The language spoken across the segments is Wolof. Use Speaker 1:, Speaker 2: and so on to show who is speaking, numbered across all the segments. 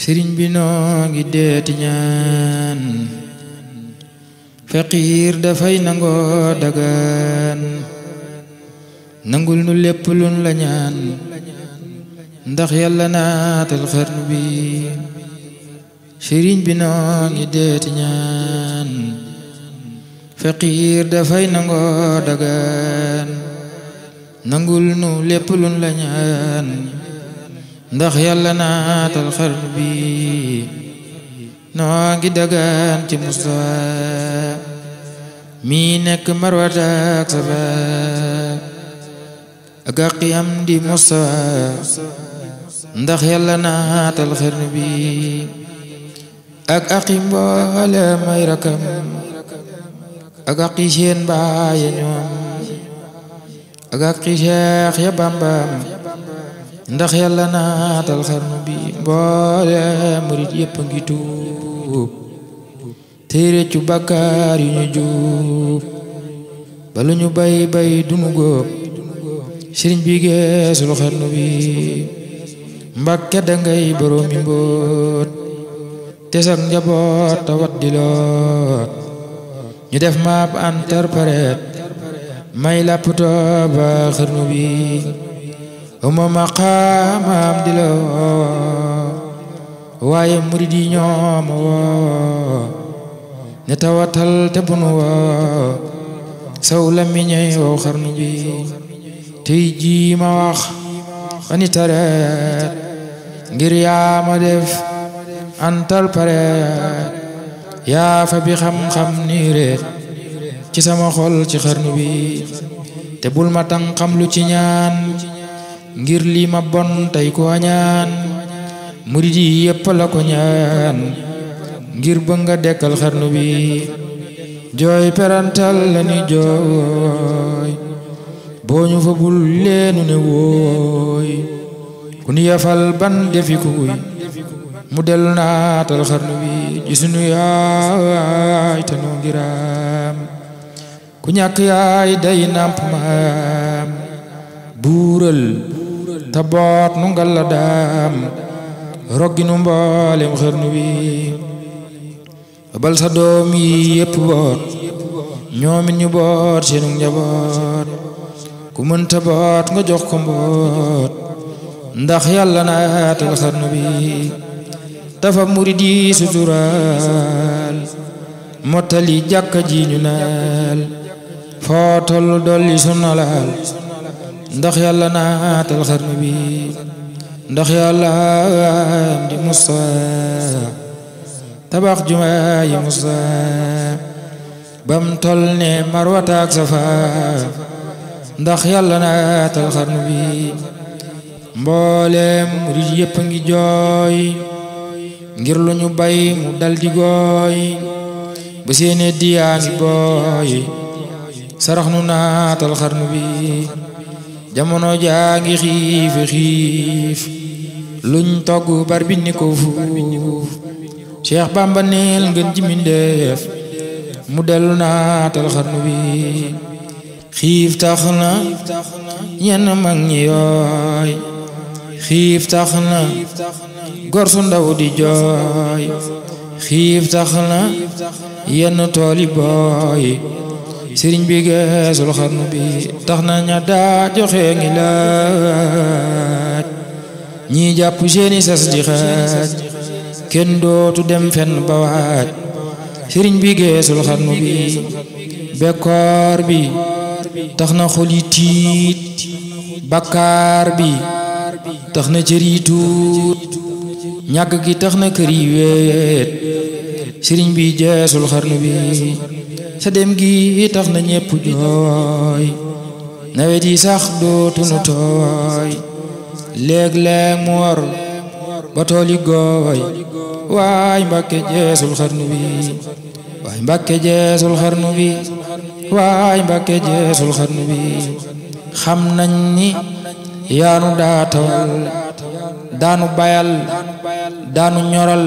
Speaker 1: sëriñ bi noo ngi deeti ñaan faqiir dafay nangoo dagaan nangul nu lépp luñ la ñaan ndax yàlla naatal xarnu bi sëriñ bi noo ngi deeti ñaan faqiir dafay nangoo dagaan nangul nu lépp luñ la ñaan ndax yàlla naatal xarnu bi noo ngi dagaan ci Musaa mi nekk marwata ak safa ak àqi am di Musaa ndax yàlla naatal xarnu bi ak àqi mboole may rakam ak àqi seen baay ñoom ak àqi ya Bàmbaam ndax yàlla naatal xarnu bi mboole murit yëpp a ngi tuub tey réccu bàkkaar yu ñu juub balu ñu bay bay dunu góob sëriñ bi geesul xarnu bi mbàkke dangay boroomi mbóot te sag njaboot tawat di loot ñu def maap interprète may làpp tooba xarnu bi uma maqaamam di la woo waaye murid yi ñoom woo ne tawatal te bunu woo saw la miñey xarnu bi tey jii ma wax ani tareet ngir yaa ma def antal pareet yaa fa bi xam-xam nii reet ci sama xol ci xarnu bi te bul ma tànqam lu ci ñaan ngir liima ma bon tey ko ñaan murid yépp la ko ñaan ngir bëgg nga dekkal xarnu bi jooy perantal la ni jooy boo ñu fa bul leenu ne wooy ku nu yafal ban defi mu dellu naatal xarnu bi yaay te noo ku ñàkk yaay day nàmp maam buural tabbat nu ngal la daam rogginu mboolem xërnu bi bal sa doom yi yépp boot ñoomit ñu boot seenu njaboot ku mënta boot nga jox ko mboot ndax yàlla naatal xarnu bi dafa murid yi suturaal mottali jàkka ji ñu naal foo dolli sunnalaal ndax yàlla naatal xarni bi ndax yàlla di musa tabakh juma yi musa bam tol ne marwata ak safa ndax yàlla naatal xarni bi mbollem murid yëpp ngi joy ngir luñu bay mu dal di gooy ba seene diyaa boy sarahnu natal nu bi jamono jaa ngi xiif xiif luñ togg bar ni ko fuuf Cheikh Bamba neel ngeen ji mu dellu naatal xarnu bi xiif tax na ñenn mag ñi yooy xiif tax na gor su ndaw di jooy xiif tax na yenn tooli booy Sering bi geesul xarnu bi tax na ña daa joxe ngi laaj ñi sas di Kendo kenn dootu dem fen ba waaj sëriñ bi geesul xarnu bi bekkoor bi tax na xol yi bi tax na cër gi tax na bi xarnu bi sa dem gi tax na ñépp jooy nawet yi sax dootuñu tooy léeg-léeg mu war ba gooy waay Mbàkke jeesul xarnu bi waay Mbàkke jeesul xarnu bi bi xam nañ ni yaanu daa tawal daanu bayal daanu ñoral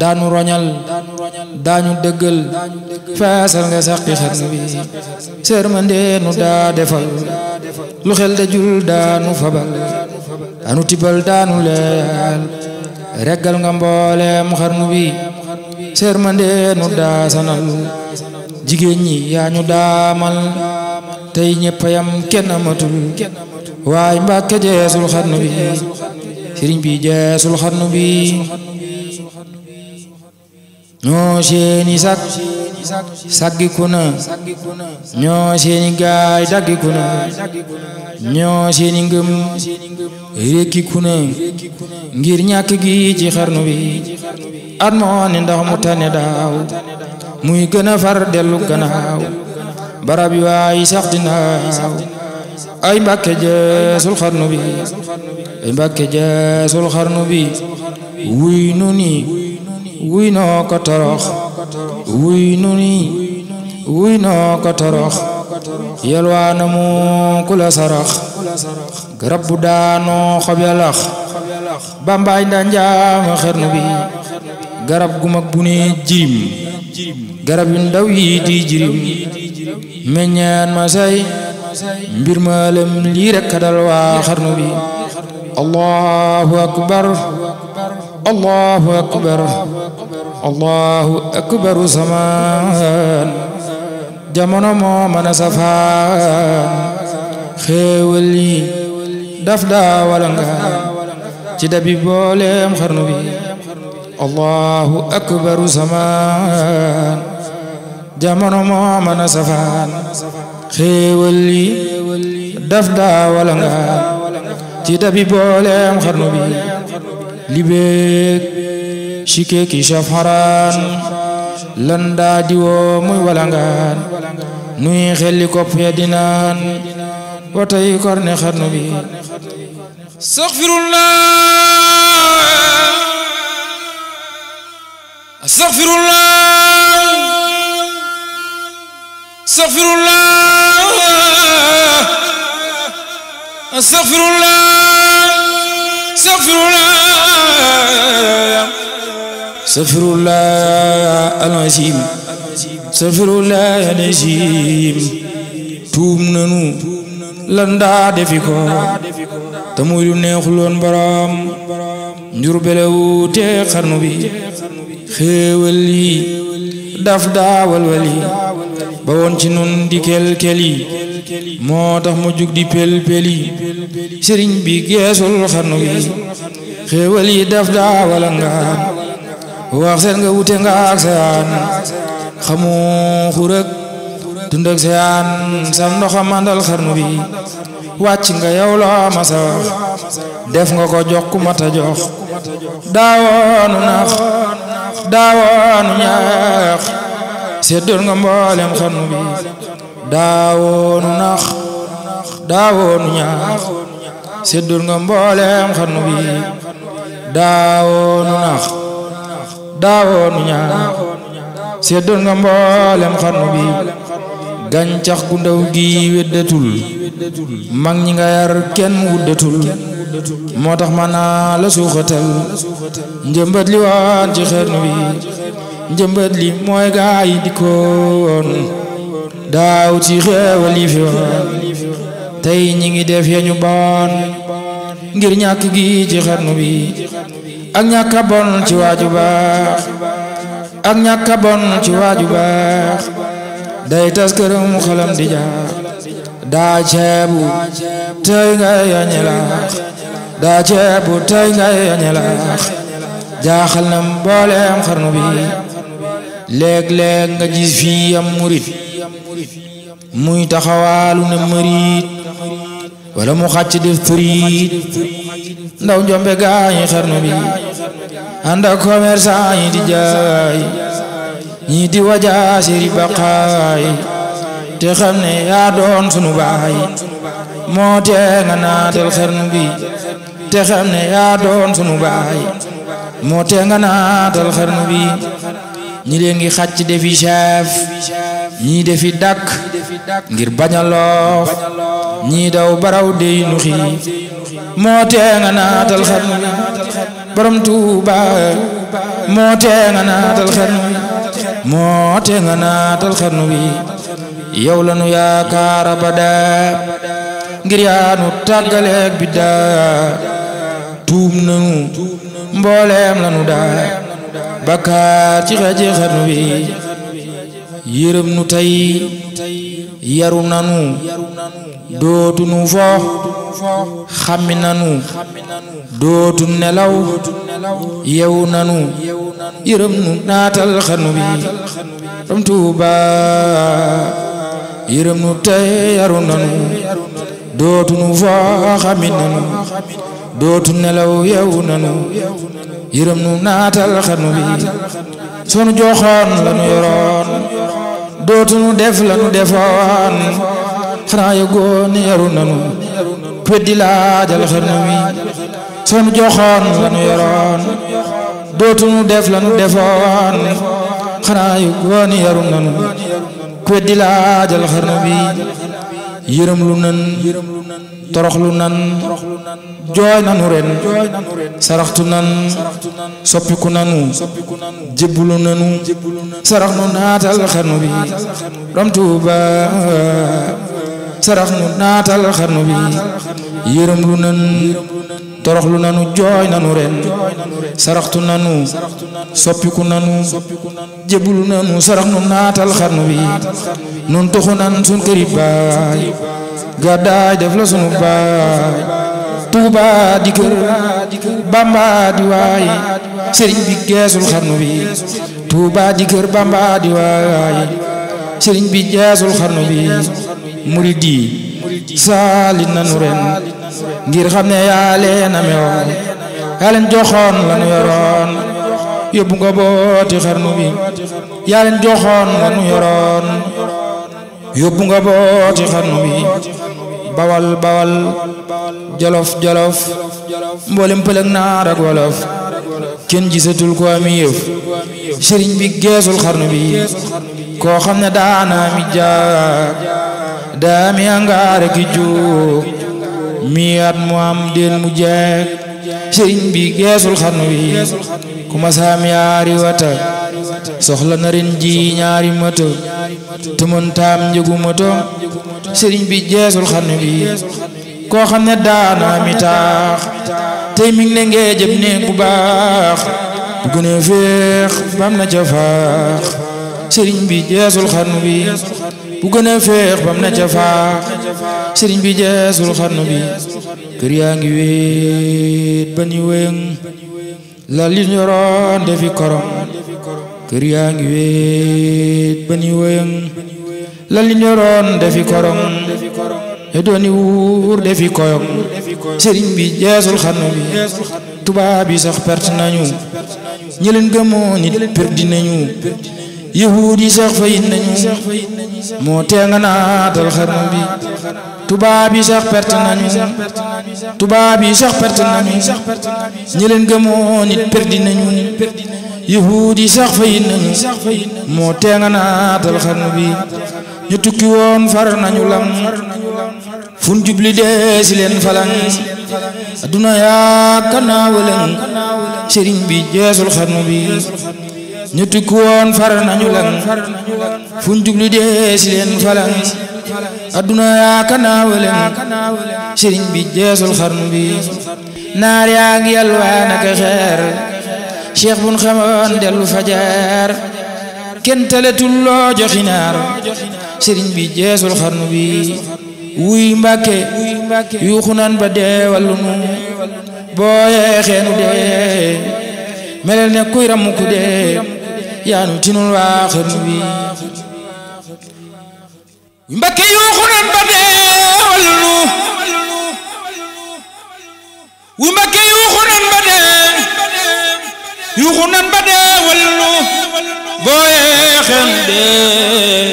Speaker 1: daanu roñal daanu dëggal feesal nga saqi xarnu bi sërmandee nu daa defal lu xel dajul daanu fabal daanu tibal daanu leyal reggal nga mbooleem xarnu bi sërmandee nu daa sanal jigéen ñi yaa ñu daamal tey ñëpp yam kenn amatul waaye mbàkke jeesul xarnu bi sëriñ bi jeesul xarnu bi ñoo seeni sag saggiku na ñoo seeni gaay daggiku na ñoo seeni ngëm rékkiku na ngir ñàkk gi ci xarnu bi at moo ndax mu tane daaw muy gën a far dellu gannaaw barab yu sax dinaaw ay mbàkke jeesul xarnu bi ay mbàkke jeesul xarnu bi wuy nu wuy noo ko torox wuy nu wuy noo ko torox yalwaa mu ku la sarax garab bu daanoo xob ya lax bambaay ndaa njaama xernu bi garab gu mag bu ne jirim garab yu ndaw yi jirim meññaan ma say mbir maalem lii rekk dal waa xarnu bi allahu akbar allahu akbar الله أكبر زمان جمعنا مومن سفان خيولي دفدا ولنغا جدبي بوليم خرنوبي الله أكبر زمان جمعنا مومن سفان خيولي دفدا ولنغا جدبي بوليم خرنوبي لبيك shikeeki shaf xaraan lan daa diwoo muy walangaan nuy xelli kopp ya dinaan watay korne xarnu bi astaghfirullah astaghfirullah astaghfirullah astaghfirullah astaghfirullah safirullah alazim safirullah alazim tuub nanu lan daa defi ko te muy lu neexuloon boroom njur belewu te xarnu bi xéewal yi daf daa walwal yi ba woon ci nun di kel-kel yi moo tax mu jug di pel-pel yi sëriñ bi geesul xarnu bi xéewal yi daf daa walangaan wax seen nga wute nga ak xamu xurëg dund ak seyaan sam mandal xarnu bi wàcc nga yow la ma sa wax def nga ko jox ku mata jox daawoonu nax daawoonu ñaax seddoon nga mboolem xarnu bi daawoonu nax daawoonu ñaax seddoon nga mboolem xarnu bi daawoonu nax daawoo nu ñaar séddal nga mboolem xarnu bi gàncax gu ndaw gi weddatul mag ñi nga yar kenn wuddatul moo tax ma naa la suuxatal njëmbat li woon ci xarnu bi njëmbat li mooy gaa yi di ko ci xeewal yi fi woon tey ñi ngi def ya ñu bon ngir ñàkk gi ci xarnu bi ak ñàkk a bon ci waaju baax ak ñàkk a ci waaju baax day tas këram xalam di jaax daa ceebu tey ngay yañe laax daa ceebu tey ngay yañe laax jaaxal na mbooleem xarnu bi léeg-léeg nga gis fii murit muy taxawaalu ne mërit wala mu xàcc def turit ndaw njombe gaañi xarnu bi ànd ak commerçant yi di jaay ñii di wajaa siri baqaay te xam ne yaa doon sunu baay moo tee nga naatal xarnu bi te xam ne yaa doon sunu baay moo tee nga naatal xarnu bi ñi leen ngi xàcc defi chef ñii defi dàkk ngir bañ a loof ñii daw baraw dey nu xi nga naatal xar nu borom tuuba moo nga naatal xar nu moo tee nga naatal xar nu wi yow la nu yaakaar abada ngir yaa nu tàggaleeg bi daa tuum nanu mbooleem la nu daa ci xeji xar nu wi yërëm nu tey yaru nanu dootu nu fo xammi nanu dootu nelaw yewu nanu yërëm nu naatal xanu bi ram tuuba yërëm nu tey yaru nanu dootu nu fo xammi nanu dootu nelaw yeewu nanu yërëm nu naatal xanu bi sunu joxoon lanu yoroon dootu nu def lanu defoon xanaa yëgoo yaru nanu ku weddi laajal xanu bi sunu joxoon lanu yoroon dootu nu def lanu defoon xanaa yëgoo yaru nanu ku weddi laajal xanu yërëm lu nan torox lu nan jooy nanu ren saraxtu nan soppiku nanu jébbalu nanu sarax nu naatal xarnu bi ram Tuuba sarax nu naatal xarnu bi yërëm lu nan toroxlu nanu jooy nanu ren saraxtu nanu soppiku nanu jébulu nanu sarax nu naatal xarnu bi nun toxu nan sun këri baay gàddaay def la sunu baay tuuba di bamba di waay sëriñ bi geesul xarnu bi tuuba di bamba di waay sëriñ bi geesul xarnu bi murid yi saali nanu ren ngir xam ne yaa leen amewoon yaa leen joxoon lanu yoroon yóbbu nga booti xarnu bi yaa leen joxoon lanu yoroon yóbbu nga booti xarnu bi bawal bawal jolof jolof mboolem pëlëg naar ak wolof kenn gisatul ko am yëf sëriñ bi geesul xarnu bi koo xam ne daana mi jaag daami angaara ki jóg mi at mu am del mu jeeg sëriñ bi geesul xarnu wi ku ma yaari wata soxla na ren ji ñaari moto te mën taam njëgu moto sëriñ bi geesul xarnu wi koo xam ne daana mi taax tey mi ne ngee jëm néeg bu baax bu bam na ca faax sëriñ bi geesul xarnu bu gën a féex bam na ca faax bi jeesul xarnu bi kër yaa ngi wéet ba ñu wéng lal yu ñoroon defi korom kër yaa ngi wéet ba ñu wéng lal yu ñoroon defi korom e dooni wuur defi koyom sëriñ bi jeesul xarnu bi tubaab yi sax perte nañu ñi leen perdi nañu yahuud yi sax fayit nañu moo tee nga naatal xarnu bi tubaab yi sax perte nañu tubaab yi sax perte nañu ñi leen gëmoo nit perdi nañu yahuud yi sax fayit nañu moo tee nga naatal xarnu bi ñu tukki woon far nañu lam fun jubli dee si leen falan adduna yaaka naa bi jeesul xarnu bi ñu tukk woon far lan fu ñu jublu dees falan adduna yaa kanaawalen sëriñ bi jeesul xarnu bi naar yaa ngi yalwaan ak xeer cheikh bun xamoon dellu fajar kenn teletul loo joxi naar sëriñ bi jeesul xarnu bi wuy mbàkke yuuxu ba dee wàllu nu booyee xeenu dee melel ne kuy ramu dee yaa nu tinul waa xëm wi mbakke yuuxu nan ba deewal nu wu mbakke yuuxu nan ba dee yuuxu nan ba deewal nu booye xenu dee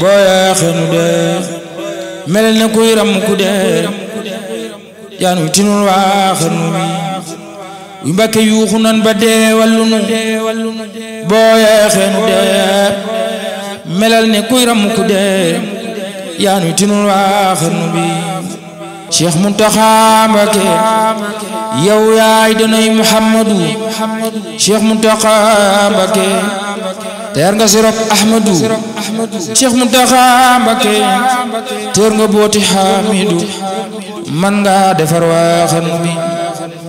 Speaker 1: booye xenu dee mel na kuy ram ku dee yaa nu tinul waa xëm wi yu Mbàkke yuuxu nan ba dee wallu nu boo yeexee nu dee melal ne kuy ramu dee yaa nuy tinul waaxar nu bi Cheikh Muntaxa Mbàkke yow yaay danay Muhammadu Cheikh Muntaxa Mbàkke teer nga booti Hamidu man nga defar waaxar nu bi